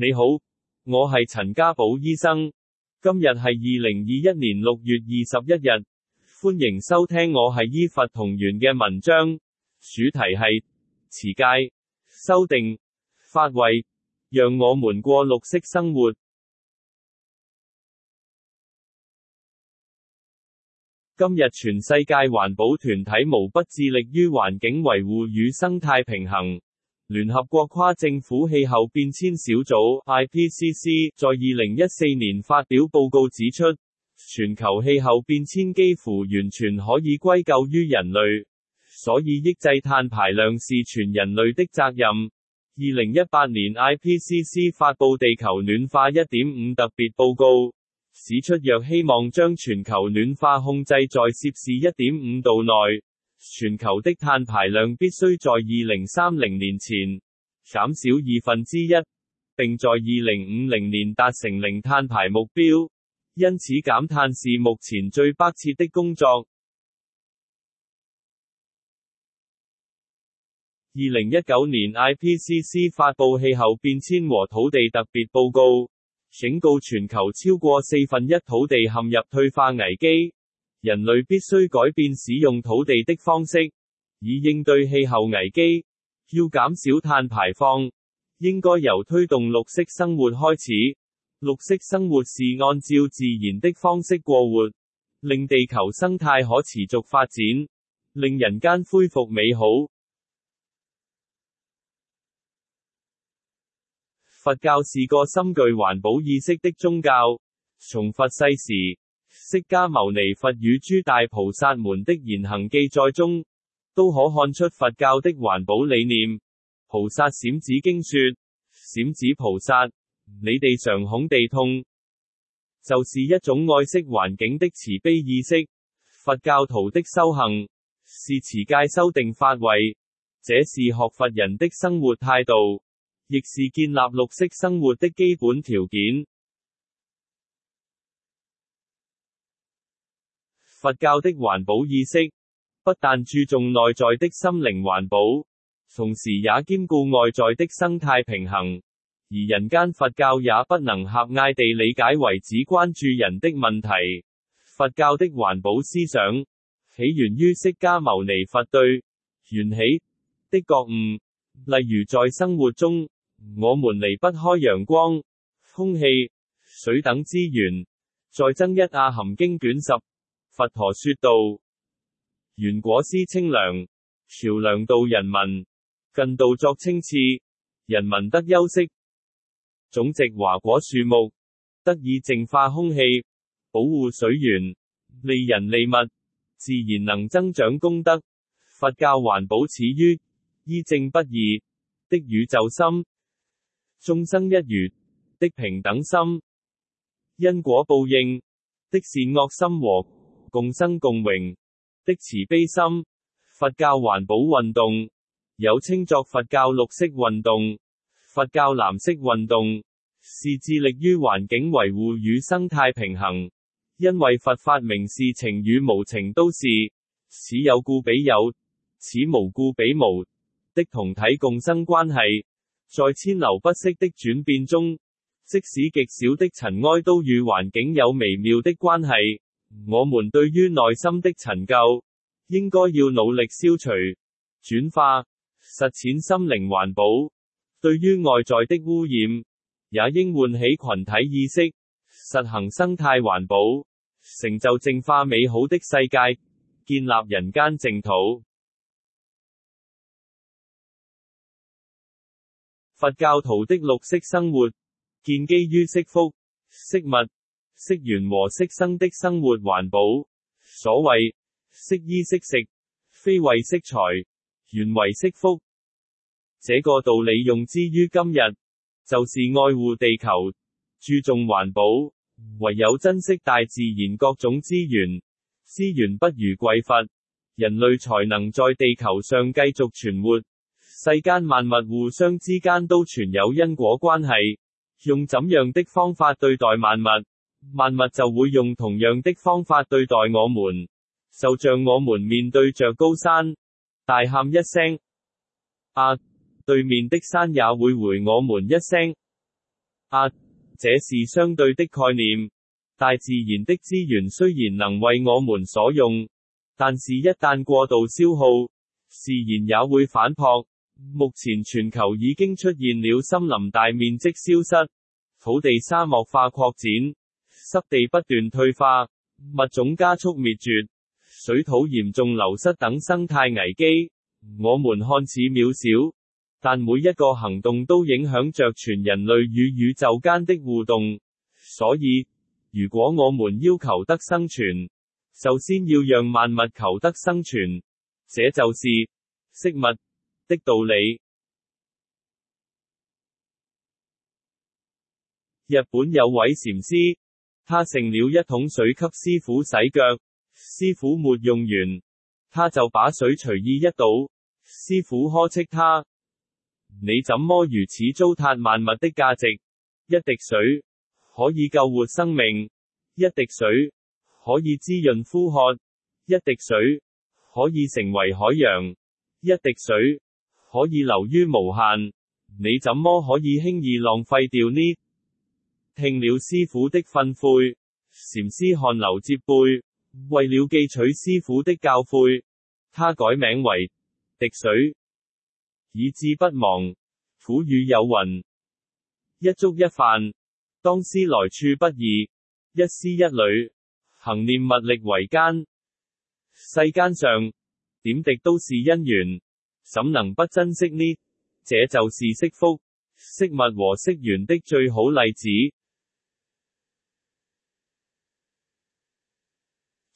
你好，我係陳家寶醫生。今日係二零二一年六月二十一日，歡迎收聽我係醫法同源嘅文章，主題係持戒、修定、發慧，讓我們過綠色生活。今日全世界環保團體無不致力於環境維護與生態平衡。聯合國跨政府氣候變遷小組 （IPCC） 在二零一四年發表報告指出，全球氣候變遷幾乎完全可以歸咎於人類，所以抑制碳排量是全人類的責任。二零一八年 IPCC 發布《地球暖化一點五》特別報告》，指出若希望將全球暖化控制在攝氏一點五度內。全球的碳排量必須在二零三零年前減少二分之一，並在二零五零年達成零碳排目標。因此，減碳是目前最迫切的工作。二零一九年 IPCC 發布氣候變遷和土地特別報告，警告全球超過四分一土地陷入退化危機。人類必須改變使用土地的方式，以應對氣候危機。要減少碳排放，應該由推動綠色生活開始。綠色生活是按照自然的方式過活，令地球生態可持續發展，令人間恢復美好。佛教是個深具環保意識的宗教，從佛世時。釋迦牟尼佛與諸大菩薩們的言行記載中，都可看出佛教的環保理念。菩薩閃子經說：閃子菩薩，你地常恐地痛，就是一種愛惜環境的慈悲意識。佛教徒的修行是持戒、修定、發慧，這是學佛人的生活態度，亦是建立綠色生活的基本條件。佛教的環保意識不但注重內在的心靈環保，同時也兼顧外在的生態平衡。而人間佛教也不能狹隘地理解為只關注人的問題。佛教的環保思想起源於釋迦牟尼佛對緣起的覺悟，例如在生活中，我們離不開陽光、空氣、水等資源。再增一阿含經卷十。佛陀說道：原果施清涼，橋樑度人民；近道作清賜，人民得休息。種植華果樹木，得以淨化空氣，保護水源，利人利物，自然能增長功德。佛教環保始於依正不二的宇宙心，眾生一如的平等心，因果報應的善惡心和，共生共榮的慈悲心，佛教環保運動有稱作佛教綠色運動、佛教藍色運動，是致力於環境維護與生態平衡。因為佛法明示，情與無情都是，此有故彼有，此無故彼無的同體共生關係，在千流不息的轉變中，即使極少的塵埃都與環境有微妙的關係。我們對於內心的陳舊，應該要努力消除、轉化，實踐心靈環保；對於外在的污染，也應喚起群體意識，實行生態環保，成就淨化美好的世界，建立人間淨土。佛教徒的綠色生活，建基於惜福、惜物。惜緣和惜生的生活環保，所謂惜衣惜食，非為惜財，原為惜福。這個道理用之於今日，就是愛護地球，注重環保，唯有珍惜大自然各種資源，資源不虞匱乏，人類才能在地球上繼續存活。世間萬物互相之間都存有因果關係，用怎樣的方法對待萬物？萬物就會用同樣的方法對待我們，就像我們面對着高山，大喊一聲啊，對面的山也會回我們一聲啊。這是相對的概念。大自然的資源雖然能為我們所用，但是一旦過度消耗，自然也會反撲。目前全球已經出現了森林大面積消失、土地沙漠化擴展。濕地不斷退化，物種加速滅絕，水土嚴重流失等生態危機，我們看似渺小，但每一個行動都影響着全人類與宇宙間的互動。所以，如果我們要求得生存，首先要讓萬物求得生存，這就是惜物的道理。日本有位禪師。他盛了一桶水給師傅洗腳，師傅沒用完，他就把水隨意一倒。師傅呵斥他：你怎麼如此糟蹋萬物的價值？一滴水可以救活生命，一滴水可以滋潤呼喝，一滴水可以成為海洋，一滴水可以流於無限。你怎麼可以輕易浪費掉呢？聽了師父的訓誨，禪師汗流浹背。為了記取師父的教誨，他改名為滴水，以志不忘。古語有雲，一粥一飯，當思來處不易；一絲一縷，恒念物力維艱。世間上點滴都是因緣，怎能不珍惜呢？這就是惜福、惜物和惜緣的最好例子。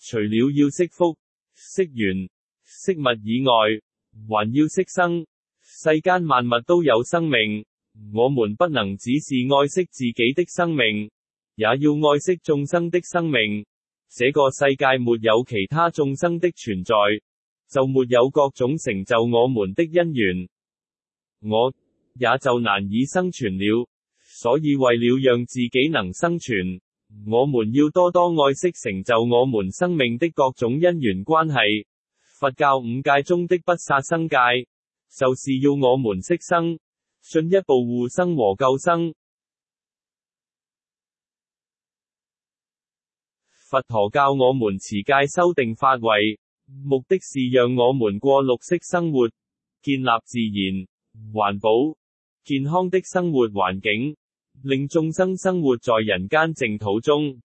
除了要惜福、惜緣、惜物以外，還要惜生。世間萬物都有生命，我們不能只是愛惜自己的生命，也要愛惜眾生的生命。這個世界沒有其他眾生的存在，就沒有各種成就我們的因緣，我也就難以生存了。所以，為了讓自己能生存。我們要多多愛惜成就我們生命的各種因緣關係。佛教五戒中的不殺生戒，就是要我們惜生，進一步護生和救生。佛陀教我們持戒修定發慧，目的是讓我們過綠色生活，建立自然環保健康的生活環境。令眾生生活在人間淨土中。